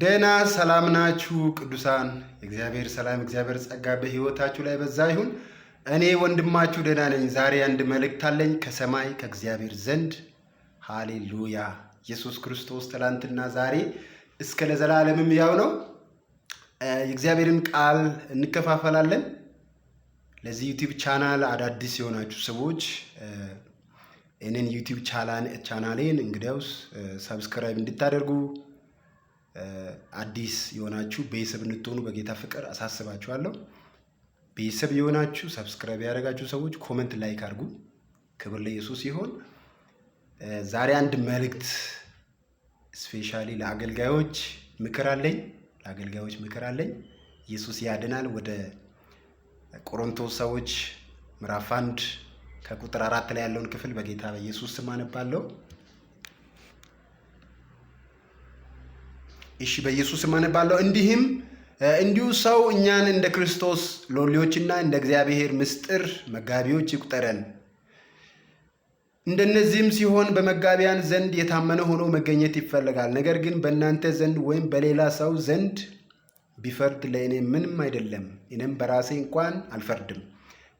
ደና ሰላም ናችሁ ቅዱሳን? እግዚአብሔር ሰላም እግዚአብሔር ጸጋ በሕይወታችሁ ላይ በዛ ይሁን። እኔ ወንድማችሁ ደና ነኝ። ዛሬ አንድ መልእክት አለኝ ከሰማይ ከእግዚአብሔር ዘንድ። ሃሌሉያ! ኢየሱስ ክርስቶስ ትላንትና ዛሬ እስከ ለዘላለምም ያው ነው። የእግዚአብሔርን ቃል እንከፋፈላለን። ለዚህ ዩቲዩብ ቻናል አዳዲስ የሆናችሁ ሰዎች ይህንን ዩቲዩብ ቻናሌን እንግዲያውስ ሰብስክራይብ እንድታደርጉ አዲስ የሆናችሁ ቤተሰብ እንድትሆኑ በጌታ ፍቅር አሳስባችኋለሁ። ቤተሰብ የሆናችሁ ሰብስክራይብ ያደረጋችሁ ሰዎች ኮመንት፣ ላይክ አድርጉ። ክብር ለኢየሱስ ይሆን። ዛሬ አንድ መልእክት ስፔሻሊ ለአገልጋዮች ምክር አለኝ። ለአገልጋዮች ምክር አለኝ። ኢየሱስ ያድናል። ወደ ቆሮንቶስ ሰዎች ምዕራፍ አንድ ከቁጥር አራት ላይ ያለውን ክፍል በጌታ በኢየሱስ ስም አነባለሁ። እሺ በኢየሱስ ማነባለው። እንዲህም እንዲሁ ሰው እኛን እንደ ክርስቶስ ሎሌዎችና እንደ እግዚአብሔር ምስጢር መጋቢዎች ይቁጠረን። እንደነዚህም ሲሆን በመጋቢያን ዘንድ የታመነ ሆኖ መገኘት ይፈልጋል። ነገር ግን በእናንተ ዘንድ ወይም በሌላ ሰው ዘንድ ቢፈርድ ለእኔ ምንም አይደለም፣ እኔም በራሴ እንኳን አልፈርድም፣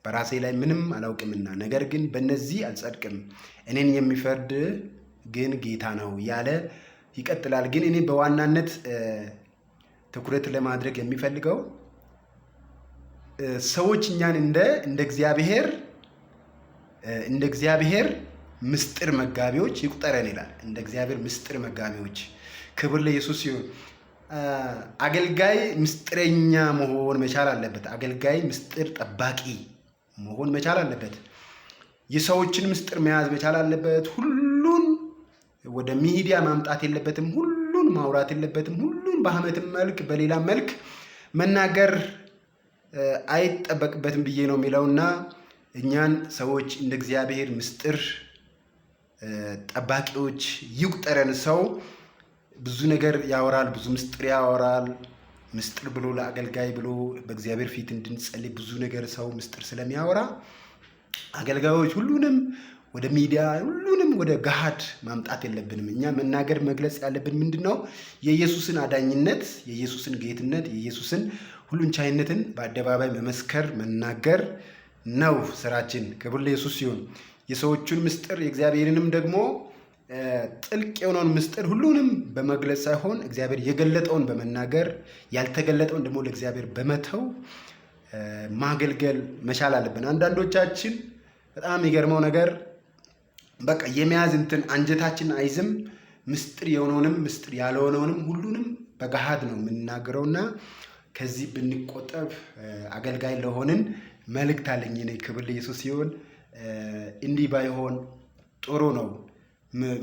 በራሴ ላይ ምንም አላውቅምና። ነገር ግን በእነዚህ አልጸድቅም፣ እኔን የሚፈርድ ግን ጌታ ነው ያለ ይቀጥላል። ግን እኔ በዋናነት ትኩረት ለማድረግ የሚፈልገው ሰዎች እኛን እንደ እንደ እግዚአብሔር እንደ እግዚአብሔር ምስጢር መጋቢዎች ይቁጠረን ይላል። እንደ እግዚአብሔር ምስጢር መጋቢዎች ክብር ለኢየሱስ ይሁን። አገልጋይ ምስጢረኛ መሆን መቻል አለበት። አገልጋይ ምስጢር ጠባቂ መሆን መቻል አለበት። የሰዎችን ምስጢር መያዝ መቻል አለበት። ሁሉ ወደ ሚዲያ ማምጣት የለበትም። ሁሉን ማውራት የለበትም። ሁሉን በአመት መልክ በሌላ መልክ መናገር አይጠበቅበትም ብዬ ነው እና እኛን ሰዎች እንደ እግዚአብሔር ምስጢር ጠባቂዎች ይቁጠረን። ሰው ብዙ ነገር ያወራል፣ ብዙ ምስጢር ያወራል። ምስጢር ብሎ ለአገልጋይ ብሎ በእግዚአብሔር ፊት እንድንጸልይ ብዙ ነገር ሰው ምስጢር ስለሚያወራ አገልጋዮች ሁሉንም ወደ ሚዲያ ሁሉንም ወደ ገሃድ ማምጣት የለብንም። እኛ መናገር መግለጽ ያለብን ምንድን ነው? የኢየሱስን አዳኝነት፣ የኢየሱስን ጌትነት፣ የኢየሱስን ሁሉን ቻይነትን በአደባባይ መመስከር መናገር ነው ስራችን። ክብር ለኢየሱስ ሲሆን የሰዎቹን ምስጢር የእግዚአብሔርንም ደግሞ ጥልቅ የሆነውን ምስጢር ሁሉንም በመግለጽ ሳይሆን እግዚአብሔር የገለጠውን በመናገር ያልተገለጠውን ደግሞ ለእግዚአብሔር በመተው ማገልገል መቻል አለብን። አንዳንዶቻችን በጣም የሚገርመው ነገር በቃ የመያዝ እንትን አንጀታችን አይዝም። ምስጢር የሆነውንም ምስጢር ያልሆነውንም ሁሉንም በገሃድ ነው የምንናገረውና ከዚህ ብንቆጠብ አገልጋይ ለሆንን መልእክት አለኝ። እኔ ክብር ኢየሱስ ሲሆን እንዲህ ባይሆን ጥሩ ነው።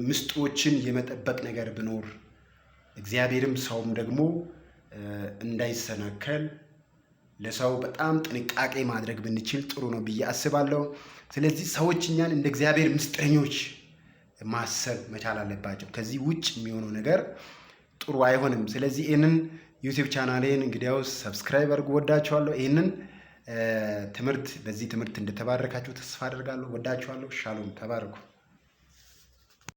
ምስጢሮችን የመጠበቅ ነገር ብኖር እግዚአብሔርም ሰውም ደግሞ እንዳይሰናከል ለሰው በጣም ጥንቃቄ ማድረግ ብንችል ጥሩ ነው ብዬ አስባለሁ። ስለዚህ ሰዎች እኛን እንደ እግዚአብሔር ምስጢረኞች ማሰብ መቻል አለባቸው። ከዚህ ውጭ የሚሆነው ነገር ጥሩ አይሆንም። ስለዚህ ይህንን ዩቲብ ቻናሌን እንግዲያው ሰብስክራይብ አድርጉ። ወዳችኋለሁ። ይህንን ትምህርት በዚህ ትምህርት እንደተባረካችሁ ተስፋ አደርጋለሁ። ወዳችኋለሁ። ሻሎም፣ ተባረኩ።